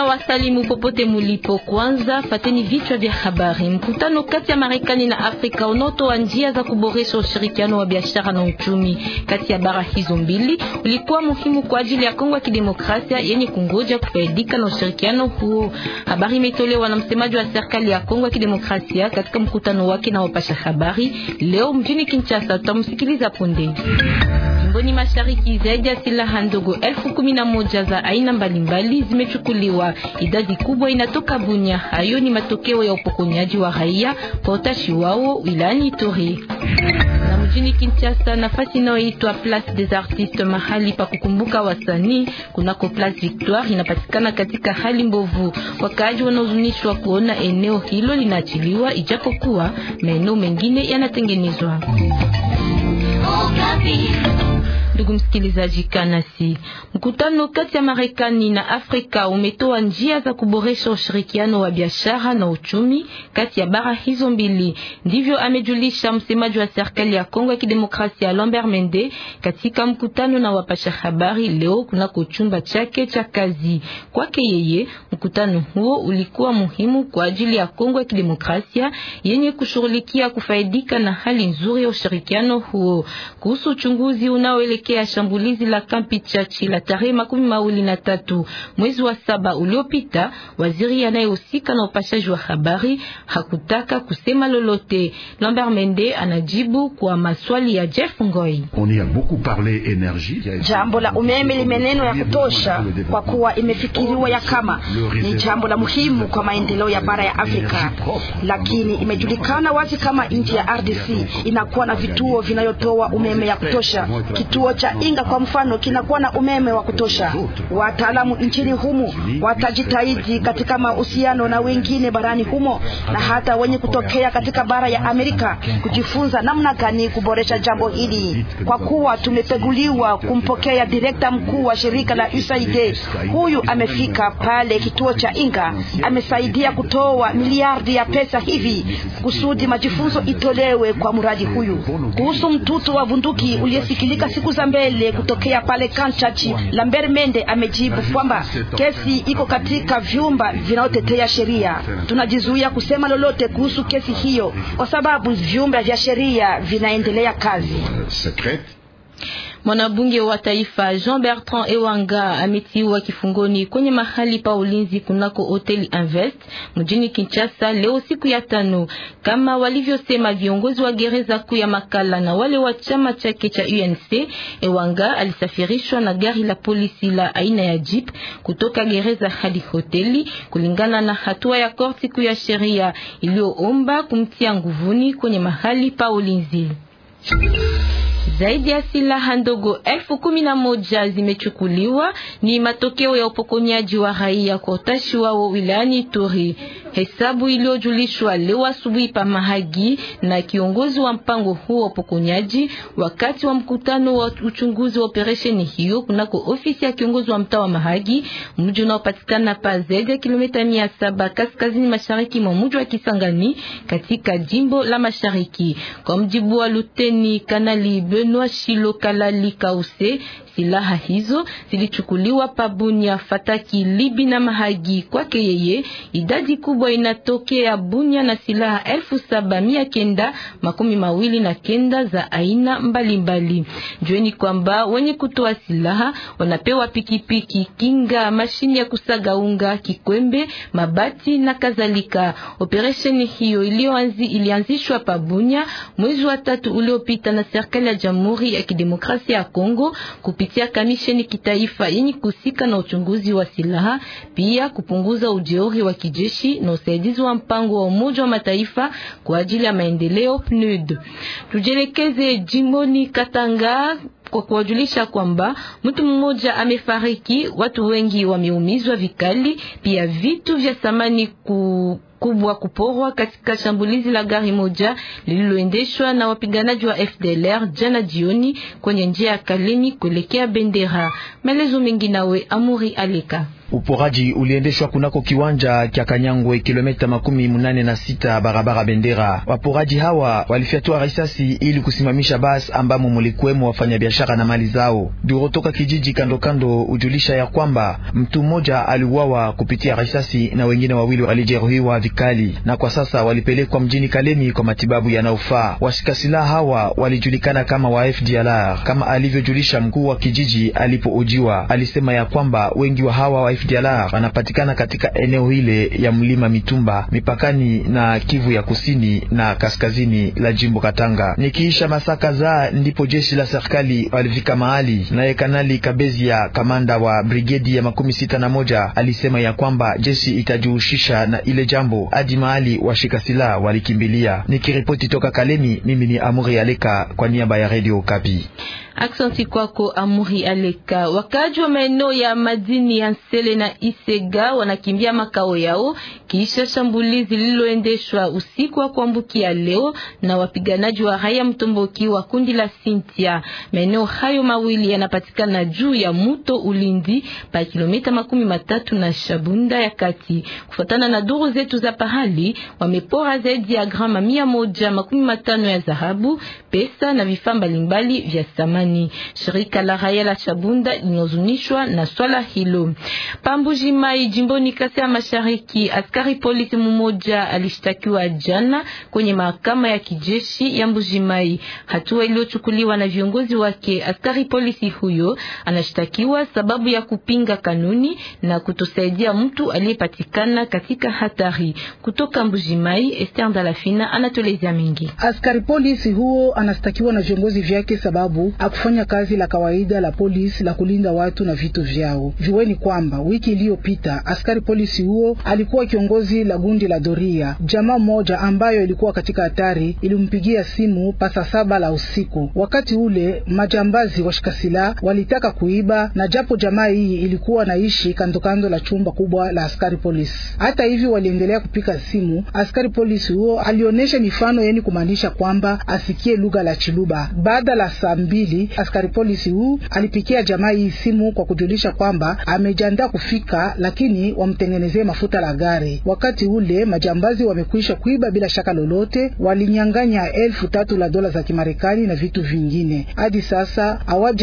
Tuna tunawasalimu popote mulipo. Kwanza pateni vichwa vya habari. Mkutano kati ya Marekani na Afrika unaotoa njia za kuboresha ushirikiano wa biashara na uchumi kati ya bara hizo mbili ulikuwa muhimu kwa ajili ya Kongo ya Kidemokrasia yenye kungoja kufaidika na ushirikiano huo. Habari imetolewa na msemaji wa serikali ya Kongo ya Kidemokrasia katika mkutano wake na wapasha habari leo mjini Kinshasa. Tutamsikiliza punde. Jimboni mashariki zaidi ya silaha ndogo elfu kumi na moja za aina mbalimbali zimechukuliwa Idadi kubwa inatoka Bunya. Hayo ni matokeo ya upokonyaji wa raia kwa utashi wao wilani Ituri na mjini Kinshasa. Nafasi inayoitwa Place des Artistes, mahali pa kukumbuka wasanii kunako Place Victoire, inapatikana katika hali mbovu. Wakaaji wanaozunishwa kuona eneo hilo linaachiliwa, ijapokuwa maeneo mengine yanatengenezwa. Ndugu msikilizaji, kanasi mkutano kati ya Marekani na Afrika umetoa njia za kuboresha ushirikiano wa biashara na uchumi kati ya bara hizo mbili. Ndivyo amejulisha msemaji wa serikali ya Kongo ya Kidemokrasia Lambert Mende katika mkutano na wapasha habari leo kunako chumba chake cha kazi. Kwake yeye, mkutano huo ulikuwa muhimu kwa ajili ya Kongo ya Kidemokrasia yenye kushughulikia kufaidika na hali nzuri ya ushirikiano huo. Kuhusu uchunguzi unaoelekea kuelekea shambulizi la kampi Chachi la tarehe makumi mawili na tatu mwezi wa saba uliopita. Waziri anayehusika na upashaji wa habari hakutaka kusema lolote. Lambert Mende anajibu kwa maswali ya Jeff Ngoi. Jambo la umeme limeneno ya kutosha kwa kuwa imefikiriwa ya oh, kama ni jambo la muhimu kwa maendeleo ya bara ya Afrika, lakini imejulikana wazi kama nchi ya RDC inakuwa na vituo vinayotoa umeme ya kutosha. Kituo cha Inga kwa mfano kinakuwa na umeme wa kutosha. Wataalamu nchini humo watajitahidi katika mahusiano na wengine barani humo na hata wenye kutokea katika bara ya Amerika kujifunza namna gani kuboresha jambo hili, kwa kuwa tumepeguliwa kumpokea direkta mkuu wa shirika la USAID. Huyu amefika pale kituo cha Inga, amesaidia kutoa miliardi ya pesa hivi kusudi majifunzo itolewe kwa mradi huyu. Kuhusu mtuto wa bunduki uliyesikilika siku za mbele kutokea pale Kanchachi. Lambert Mende amejibu kwamba kesi iko katika vyumba vinayotetea sheria. Tunajizuia kusema lolote kuhusu kesi hiyo kwa sababu vyumba vya sheria vinaendelea kazi. Mwanabunge wa taifa Jean Bertrand Ewanga ametiwa kifungoni kwenye mahali pa ulinzi kunako hoteli Invest mjini Kinshasa leo siku ya tano, kama walivyosema viongozi wa gereza kuu ya Makala na wale wa chama chake cha UNC. Ewanga alisafirishwa na gari la polisi la aina ya jeep kutoka gereza hadi hoteli kulingana na hatua ya korti kuu ya sheria iliyoomba kumtia nguvuni kwenye mahali pa ulinzi. Zaidi ya silaha ndogo elfu kumi na moja zimechukuliwa. Ni matokeo ya upokonyaji wa raia kwa utashi wao wilayani Turi. Hesabu iliyojulishwa leo asubuhi pa Mahagi na kiongozi wa mpango huo Pokunyaji wakati wa mkutano wa uchunguzi wa operesheni hiyo kunako ofisi ya kiongozi wa mtaa wa Mahagi, mji unaopatikana pa zaidi ya kilomita mia saba kaskazini mashariki mwa mji wa Kisangani katika jimbo la Mashariki. Kwa mjibu wa luteni kanali Benoit Shilo Kalali Kause Silaha hizo zilichukuliwa pabunya Fataki, Libi na Mahagi. Kwake yeye idadi kubwa inatokea Bunya na silaha elfu saba mia kenda makumi mawili na kenda za aina mbalimbali. Jueni kwamba wenye kutoa silaha wanapewa pikipiki, kinga, mashini ya kusaga unga, kikwembe, mabati na kadhalika. Operesheni hiyo iliyoanzi ilianzishwa pabunya mwezi wa tatu uliopita na serikali ya Jamhuri ya Kidemokrasia ya Kongo kupitia kupitia kamisheni kitaifa yenye kusika na uchunguzi wa silaha, pia kupunguza ujeuri wa kijeshi na usaidizi wa mpango wa Umoja wa Mataifa kwa ajili ya maendeleo PNUD. Tujelekeze jimboni Katanga kwa kuwajulisha kwamba mtu mmoja amefariki, watu wengi wameumizwa vikali, pia vitu vya samani ku kubwa kuporwa katika shambulizi la gari moja lililoendeshwa na wapiganaji wa FDLR jana jioni kwenye njia ya Kalemi kuelekea Bendera. Maelezo mengi nawe Amuri Aleka. Uporaji uliendeshwa kunako kiwanja cha Kanyangwe, kilomita makumi munane na sita barabara Bendera. Waporaji hawa walifyatua risasi ili kusimamisha basi ambamo mulikuwemo wafanyabiashara na mali zao. Duru toka kijiji kandokando ujulisha ya kwamba mtu mmoja aliuawa kupitia risasi na wengine wawili walijeruhiwa vikali, na kwa sasa walipelekwa mjini Kalemi kwa matibabu yanayofaa. Washika silaha hawa walijulikana kama wa FDLR kama alivyojulisha mkuu wa kijiji alipoujiwa. Alisema ya kwamba wengi wa hawa wa FDLR wanapatikana katika eneo hile ya mlima Mitumba mipakani na Kivu ya kusini na kaskazini la jimbo Katanga. Nikiisha masaka za ndipo jeshi la serikali walifika mahali, naye Kanali ya kamanda wa brigedi ya makumi sita na moja, alisema ya kwamba jeshi itajihusisha na ile jambo hadi mahali washika silaha walikimbilia. Nikiripoti toka Kalemi, mimi ni Amuri Aleka kwa niaba ya Radio Kapi. Aksanti kwako Amuri Aleka. Wakaji wa maeneo ya madini ya Nsele na Isega wanakimbia makao yao kisha shambulizi lililoendeshwa usiku wa kuambukia leo na wapiganaji wa Raia Mtomboki wa kundi la Sintia. Maeneo hayo mawili yanapatikana juu ya muto Ulindi pa kilomita makumi matatu na Shabunda ya kati. Kufuatana na duru zetu za pahali, wamepora zaidi ya grama mia moja makumi matano ya dhahabu, pesa na vifaa mbalimbali vya samani. Shirika la Raia la Shabunda linozunishwa na swala hilo. Pambuji Mai, jimboni Kasai Mashariki askari Askari polisi mmoja alishtakiwa jana kwenye mahakama ya kijeshi ya Mbujimai, hatua iliyochukuliwa na viongozi wake. Askari polisi huyo anashtakiwa sababu ya kupinga kanuni na kutosaidia mtu aliyepatikana katika hatari. Kutoka Mbujimai, Esther Dalafina anatoleza mengi. Askari polisi huo anashtakiwa na viongozi vyake sababu akufanya kazi la kawaida la polisi la kulinda watu na vitu vyao. Jueni kwamba wiki iliyopita askari polisi huo alikuwa kiongozi kiongozi la gundi la doria. Jamaa moja ambayo ilikuwa katika hatari ilimpigia simu pasa saba la usiku. Wakati ule majambazi washika silaha walitaka kuiba, na japo jamaa hii ilikuwa naishi kandokando la chumba kubwa la askari polisi. Hata hivi waliendelea kupika simu. Askari polisi huo alionyesha mifano yeni kumaanisha kwamba asikie lugha la Chiluba. Baada la saa mbili, askari polisi huu alipikia jamaa hii simu kwa kujulisha kwamba amejiandaa kufika, lakini wamtengenezee mafuta la gari. Wakati ule majambazi wamekwisha kuiba bila shaka lolote, walinyang'anya elfu tatu la dola za Kimarekani na vitu vingine. Hadi sasa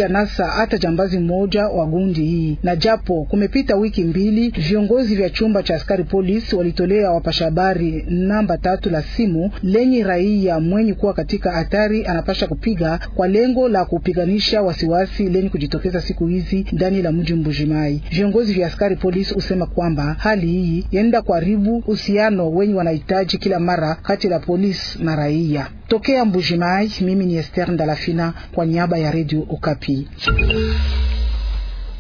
nasa hata jambazi mmoja wa gundi hii, na japo kumepita wiki mbili, viongozi vya chumba cha askari polisi walitolea wapashabari namba tatu la simu lenye raia mwenye kuwa katika hatari anapasha kupiga kwa lengo la kupiganisha wasiwasi lenye kujitokeza siku hizi ndani la mji Mbujimai. Viongozi vya askari polisi husema kwamba hali hii yenda kwa kuharibu uhusiano wenye wanahitaji kila mara kati la polisi na raia. Tokea Mbujimai, mimi ni Esther Ndalafina kwa niaba ya Radio Okapi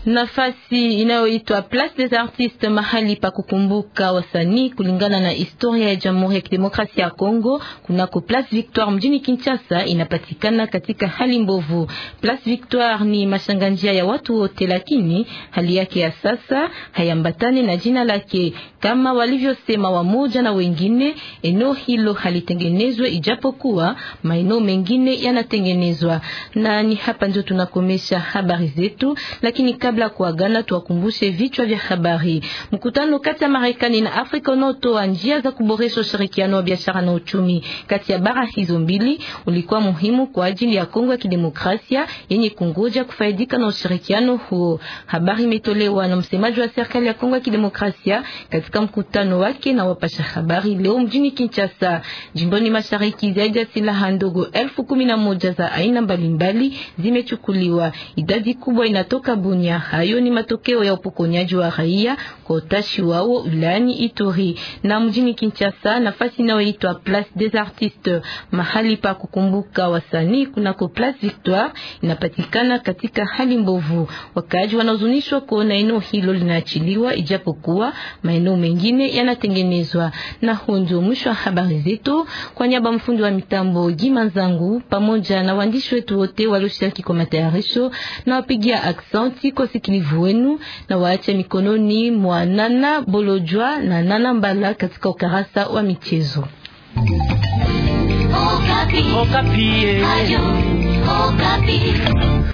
nafasi inayoitwa Place des Artistes, mahali pa kukumbuka wasanii kulingana na historia ya Jamhuri ya Kidemokrasia ya Kongo. Kunako Place Victoire mjini Kinshasa, inapatikana katika hali mbovu. Place Victoire ni mashanganjia ya watu wote, lakini hali yake ya sasa hayambatani na jina lake. Kama walivyosema wamoja na wengine, eneo hilo halitengenezwe, ijapokuwa maeneo mengine yanatengenezwa. Na ni hapa ndio tunakomesha habari zetu, lakini kabla kabla kuagana, tuwakumbushe vichwa vya habari. Mkutano kati ya Marekani na Afrika unaotoa njia za kuboresha ushirikiano wa biashara na uchumi kati ya bara hizo mbili ulikuwa muhimu kwa ajili ya Kongo ya Kidemokrasia yenye kungoja kufaidika na ushirikiano huo. Habari imetolewa na msemaji wa serikali ya Kongo ya Kidemokrasia katika mkutano wake na wapasha habari leo mjini Kinshasa. Jimboni Mashariki, zaidi ya silaha ndogo elfu kumi na moja za aina mbalimbali zimechukuliwa. Idadi kubwa inatoka Bunya. Hayo ni matokeo ya upokonyaji wa raia kwa utashi wao vilani Ituri na mjini Kinshasa, nafasi inayoitwa Place des Artistes, mahali pa kukumbuka wasanii kunako Place Victoire, inapatikana katika hali mbovu. Wakaaji wanahuzunishwa kuona eneo hilo linaachiliwa, ijapokuwa maeneo mengine yanatengenezwa. Na huo ndio mwisho wa habari zetu. Kwa niaba mfundi wa mitambo Gimanzangu pamoja na waandishi wetu wote walioshiriki kwa matayarisho na wapigia aksenti kwa usikilivu wenu na waache mikononi mwa Nana Bolojwa na Nana Mbala katika ukarasa wa michezo. Okapi. Okapi. Eh. Ayu, Okapi.